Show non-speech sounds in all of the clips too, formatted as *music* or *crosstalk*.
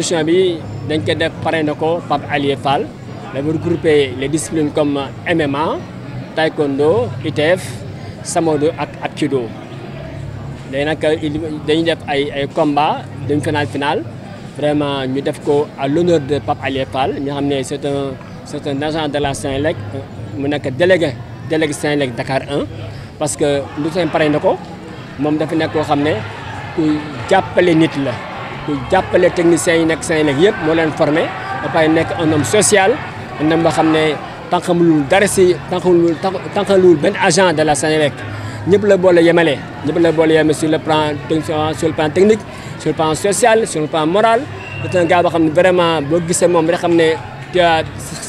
commission bi dañ ko def pare na ko Pape Alié Fall dafa regroupé le disciplines comme MMA taekwondo ITF samodo ak aikido léegi nag dañuy def ay ay combat demi final final vraiment ñu def ko à l'honneur de Pape Alié Fall ñu xam ne c'est un c'est agent de la Senelec mu nekk délégué délégué Senelec Dakar 1 parce que lu seen pare na ko moom dafa nekk koo xam ne ku jàppale nit la ku jàppale techniciens yi nekk Senelec yëpp moo leen formé ba pare nekk un homme social un homme boo xam ne tànqamluwul dara si tànqamluwul tànqamluwul benn agent de la Senelec ñëpp la boole yemale ñëpp la boole yemale sur le plan sur le plan technique sur le plan social sur plan moral c'est un boo xam ne vraiment boo gisee moom rek xam ne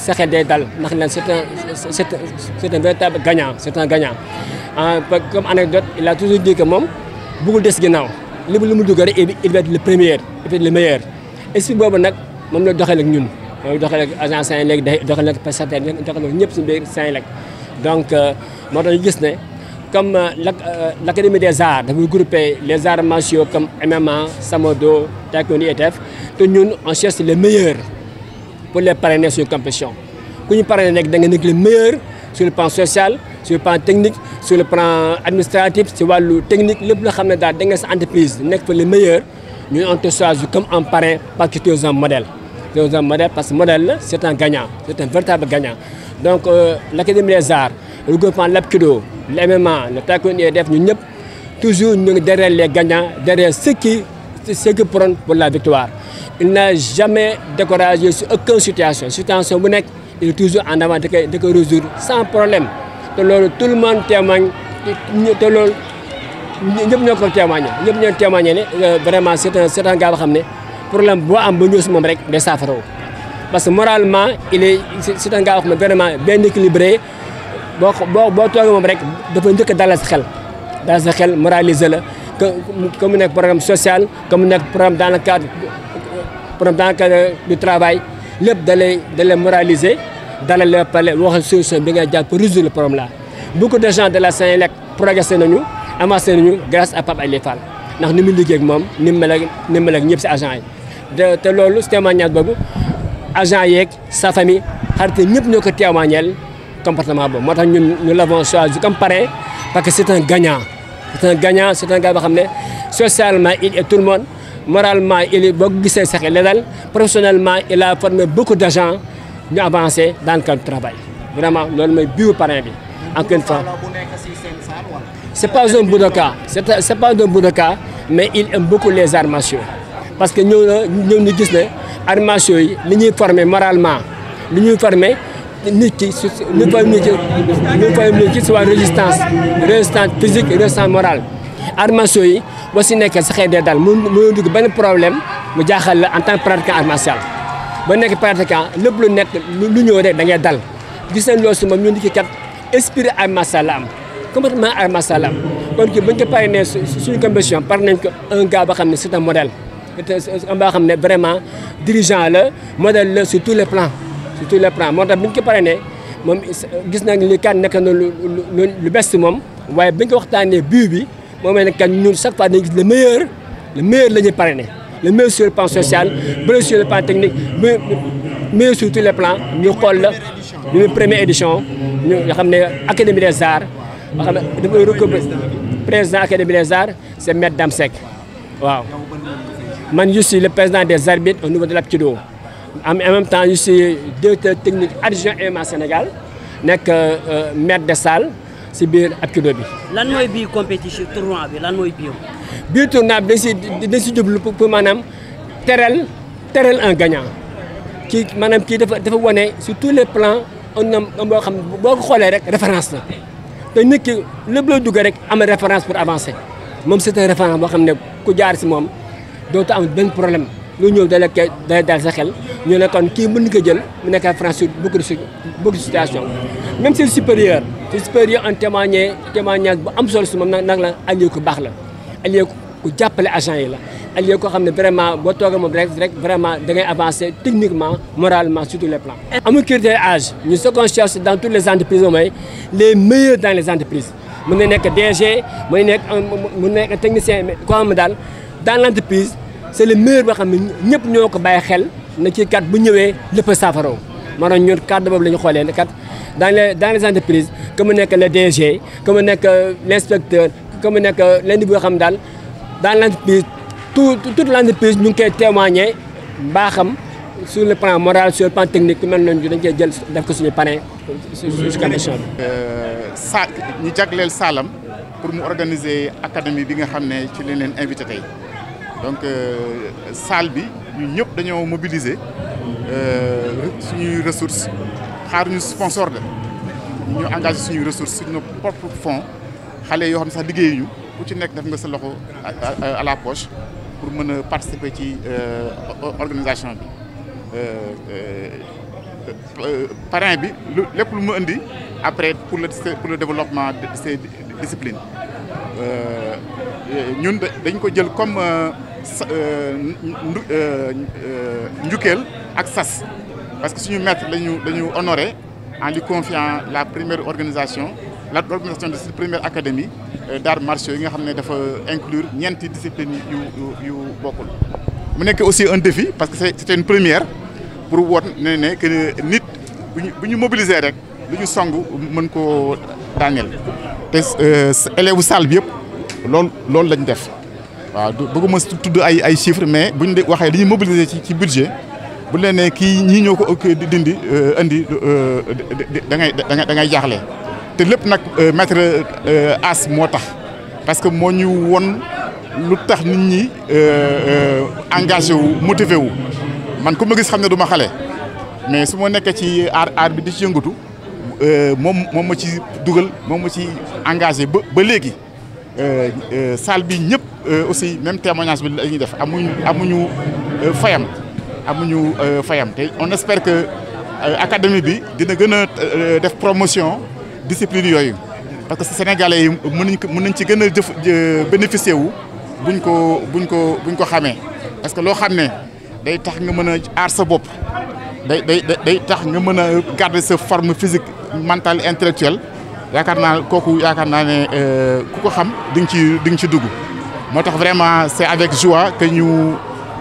sa xel day dal ndax leen c'est un c'est un véritable gagnant c'est un gagnant comme anecdote il a toujours dit que moom bëggul des ginnaaw li mu li mu dugg rek il va être le premier il va être le meilleur esprit boobu nag moom la doxal ñun moom doxal ak agent Senelec doxal ak prestataire doxal ak ñëpp suñu biir Senelec donc euh, moo tax ñu gis ne comme euh, l' euh, académie des arts dafay grouper les arts martiaux comme MMA Samado Taekwondo ITF te ñun on cherche les meilleurs pour les parrainer sur compétition ku ñu parrainer nag da nga nekk le meilleur sur le plan social sur le technique sur le plan administratif ci wàllu technique lépp loo xam ne daal da nga sa entreprise nekk fa le meilleur ñu on te choisit comme un parrain parce que tu es un modèle tu es un modèle parce que modèle la c' est un gagnant c' est gagnant donc euh, l' académie des arts regroupement l'apkido le MMA le taekwondo def ñu ñëpp toujours ñu ngi le les gagnants derrière ceux qui ceux qui prônent pour la victoire il n'a jamais découragé sur aucune situation situation bu nekk il toujours en avant da koy problème te loolu tout le monde témoigne te loolu ñëpp ñoo ko témoigné ñëpp ñoo témoigné ne euh, vraiment c'est un c'est un xam ne problème boo am ba ñëw si moom rek day saafara parce que moralement il est c'est un gars boo xam ne vraiment bien équilibré boo boo toogee moom rek dafa njëkk a xel dalal sa xel moraliser la que mu nekk programme social que mu nekk programme dans le cadre programme dans le du travail lépp da lay da lay moraliser d'aller leur parler waxal solution bi ngay jàpp pour résoudre le problème là beaucoup de gens de la Senelec progressé nañu avancé nañu grâce à Pape Alé Fall ndax ni mu liggéey moom ni mu mel ak ni ak ñëpp si agent yi de te loolu témoignage boobu agent yeeg sa famille xarit ñëpp ñoo ko témoignel comportement boobu moo tax ñun ñu l'avons choisi comme parrain parce que c'est un gagnant c'est un gagnant c'est un gars xam ne socialement il est tout le monde moralement il est boo ko gisee sax la daal professionnellement il a formé beaucoup ñu avancer dans le cadre du vraiment loolu mooy biiru parrain bi. encore une fois c' est pas un bout de cas c' est pas mais il aime beaucoup les arts parce que ñëw na ñëw gis ne arts yi li ñuy former moralement li ñuy former nit ci su ñu fay nit ki ñu fay nit ki si wàllu résistance résistance physique résistance morale arts yi boo si nekkee sa daal day dal mu mu dugg benn problème mu jaaxal la en tant que pratiquant art ba nekk pratiquant lépp lu nekk lu ñëw rek da ngay dal gis nañ loolu si moom ñun di kat esprit ay massa am complètement ay massa la am kon kii buñ ko pare ne suñu compétition par nañ ko un gars xam ne c'est un modèle un baa xam ne vraiment dirigeant la la sur tous les plans sur tous les moo tax buñ ko pare ne moom gis nañ li ka nekk na lu lu best moom waaye buñ ko waxtaanee bu bi moom ne kan ñun chaque fois dañuy gis le meilleur le meilleur la ñuy parrainé la meilleur sur le plan social le meilleur sur le plan technique le meilleur sur tous les plans ñu xool la ñu première édition ñu nga xam ne académie des arts nga xam ne dafay recruter président académie des arts c' est maître Dame Seck waaw man je suis le président des arbitres au niveau de l'Aptido en même temps je suis directeur technique adjoint MMA Sénégal nekk euh, maître de salle si biir Aptido bi. lan mooy bii compétition tournoi bi lan mooy bii biir tournoi bi dañ si dañ si jublu pour maanaam teral teral en gagnant kii maanaam kii dafa dafa wane sur tous les plans on a boo xam boo ko xoolee rek référence la te nit ki lépp la dugg rek am référence pour avancer moom c'est un référence boo xam ne ku jaar si moom dootoo am benn problème lu ñëw dala kay dala dal sa xel ñoo ne kon kii mën nga ko jël mu nekk référence sur beaucoup de beaucoup de situation même si supérieur si supérieur en témoigné témoignage bu am solo si moom nag nag la añu ko baax la allié ku jàppale agent yi la allié koo xam ne vraiment boo toogee moom rek rek vraiment da ngay avancer techniquement moralement sur le les plans. amul critère âge ñu ce qu'on cherche dans toutes les entreprises mooy les meilleurs dans les entreprises mun na nekk DG mun na nekk mun na technicien koo xam ne daal dans l' entreprise c' le meilleur boo xam ne ñëpp ñoo ko bàyyi xel na ci kat bu ñëwee lépp a saafaraw maanaam ñun cadre boobu la ñu xoolee ne kat dans les dans les entreprises que mu nekk le DG que mu nekk l' que mu nekk lundi bi nga xam daal dans l'entreprise tout toute l'entreprise ñu ngi koy témoigner mbaaxam sur le plan moral sur le plan technique ku mel noonu dañ koy jël def ko suñu parrain. suñu condition bi. sa ñu jagleel saalam pour mu organiser académie bi nga xam ne ci lañ leen invité tey donc euh, salle bi ñu ñëpp dañoo mobiliser euh, suñuy ressources xaar ñu sponsor de ñu engagé suñuy ressources suñu propre fonds. xale yoo xam ne sax liggéeyuñu u ci nekk def nga sa loxo à la poche pour mën a participer ci euh, organisation bi euh, euh, parent bi lépp lu mu indi après pour le pour le développement de ces disciplines ñun dañ ko jël comme njukkeel ak sas parce que suñu maître lañu lañu honoré en lui confiant la première organisation la l'organisation de cette première académie euh, d'arts martiaux yi nga xam ne dafa inclure ñeenti discipline yu yu yu bokkul. mu nekkee aussi un défi parce que c'était une première pour woon ne ne que nit bu ñu bu mobiliser rek lu ñu song mën koo daaneel te euh, élèves salle bi yëpp lool loolu lañ def waaw bëgguma tudd ay ay chiffres mais bu ñu waxee li ñu mobiliser ci ci budget bu leen ne kii ñii ñoo ko dindi euh, indi da ngay da ngay da ngay jaaxle. lépp nag euh, maître euh, ass moo tax parce que moo ñu won lu tax nit ñi euh, engagé wu motivé wu man ku ma gis xam ne du ma xale mais su ma nekkee ci aar aar bi di ci yëngatu moom moo ma ci dugal moom ma ci engagé ba ba léegi salle bi ñëpp aussi même témoignage bi la ñuy def amuñu amuñu fayam amuñu fayam te on espère que académie bi dina gën a def promotion discipline yooyu parce que sénégalais yi mën nañ ko mën nañ ci gën a jëf bénéficier wu buñ ko buñ ko buñ ko xamee parce que loo xam ne day tax nga mën a aar sa bopp day day day tax nga mën a garder sa forme physique mentale intellectuelle yaakaar naa kooku yaakaar naa ne euh, ku ko xam di nga ci di nga ci dugg moo tax vraiment c'est avec joie que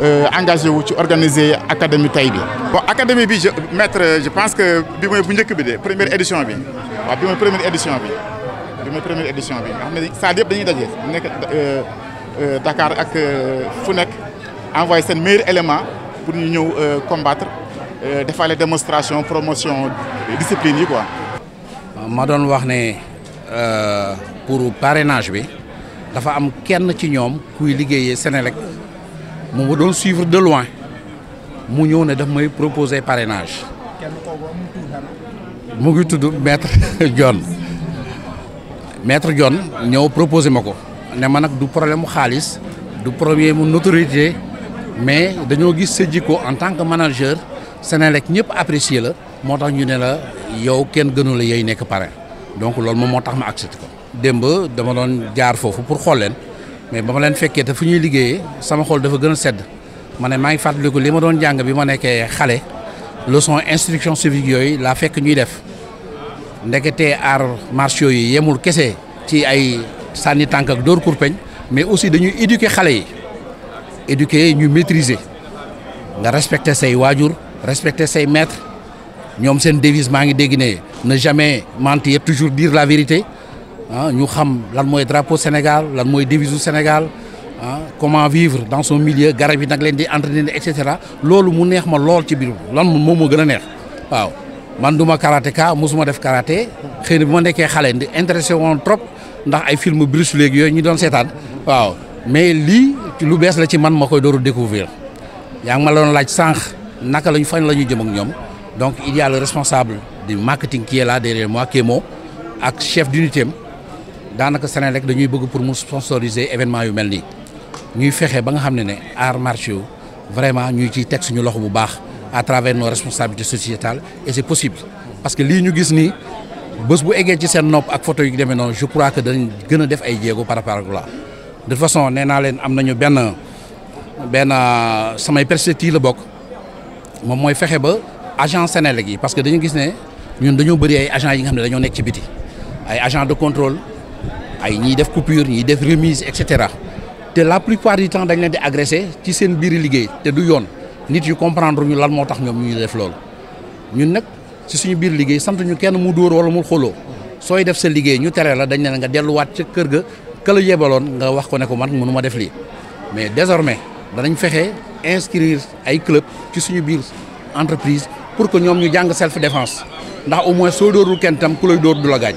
Euh, engagé wu ci organiser académie tay bi. bon académie bi je maître je pense que bi mooy bu njëkk bi de première édition bi waaw bi mooy première édition bi bi mooy première édition bi nga xam ne salle yëpp dañuy daje nekk euh, euh, Dakar ak fu nekk envoyé seen meilleur élément pour ñu ñëw combattre defaale démonstration promotion discipline yi quoi. ma doon wax ne pour parenage bi dafa am kenn ci ñoom kuy liggéeyee Senelec. mu ma doon suivre de loin mu ñëw ne daf may proposer parrainage mu ngi tudd maître *laughs* John maître John ñëw proposer ma ko ne ma nag du problème mu xaalis du premier mu notoriété mais dañoo gis sa jikko en tant que manager Senelec ñëpp apprécier la moo tax ñu ne la yow kenn gënu la yey nekk parrain donc loolu moom moo tax ma accepté ko démb dama doon jaar foofu pour xool leen mais ba ma leen fekkee te fu ñuy liggéeyee sama xol dafa gën a sedd ma ne maa ngi fàttaliku li ma doon jàng bi ma nekkee xale leçon instruction civique yooyu laa fekk ñuy def ndeketee arts martiaux yooyu yemul kese ci ay sànni tànkak ak dóor kurpeñ mais aussi dañuy éduquer xale yi éduquer ñu maîtriser nga respecter say waajur respecter say maître ñoom seen devise maa ngi dégg ne ne jamais mentir toujours dire la vérité ah ñu xam lan mooy drapeau Sénégal lan mooy devise du Sénégal ah comment vivre dans son milieu garab yi nag leen di entraîner et cetera loolu mu neex ma lool ci biir lan moom moo gën a neex waaw man du ma karatéka mosuma def karaté xëy na bu ma nekkee xale ndi intéressé woon trop ndax ay film Bruce Lee yooyu ñu doon seetaan waaw mais lii lu bees la ci man ma koy dooru découvrir yaa ngi ma la laaj sànq naka lañu fa la ñu jëm ak ñoom donc il y a le responsable du marketing ak chef d'unité am daanaka Senelec dañuy bëgg pour mu sponsoriser événement yu mel nii ñuy fexe ba nga xam ne ne marché martiaux vraiment ñuy ciy teg suñu loxo bu baax à travers nos responsabilités sociétales et c'est possible parce que lii ñu gis nii bës bu eggee ci seen nopp ak photo yu demee noonu je crois que dañ gën a def ay jéego par la de façon nee naa leen am nañu benn benn samay perspective la bokk moom mooy fexe ba agent Senelec yi parce que dañu gis ne ñun dañoo bëri ay agents yi nga xam ne dañoo nekk ci biti ay agent de contrôle ay ñiy def coupure ñiy def remise et cetera te la plupart du temps dañ leen di agressé ci seen biir liggéey te du yoon nit yu comprendre ñu lan moo tax ñoom ñu def loolu ñun nag ci suñu biir liggéey sant ñu kenn mu dóor wala mu xoloo sooy def sa liggéey ñu tere la dañ ne nga delluwaat ca kër ga ka la yebaloon nga wax ko ne ko man mënu ma def lii mais désormais danañ fexe inscrire ay club ci suñu biir entreprise pour que ñoom ñu jàng self defence ndax au moins soo dóorul kenn tam ku lay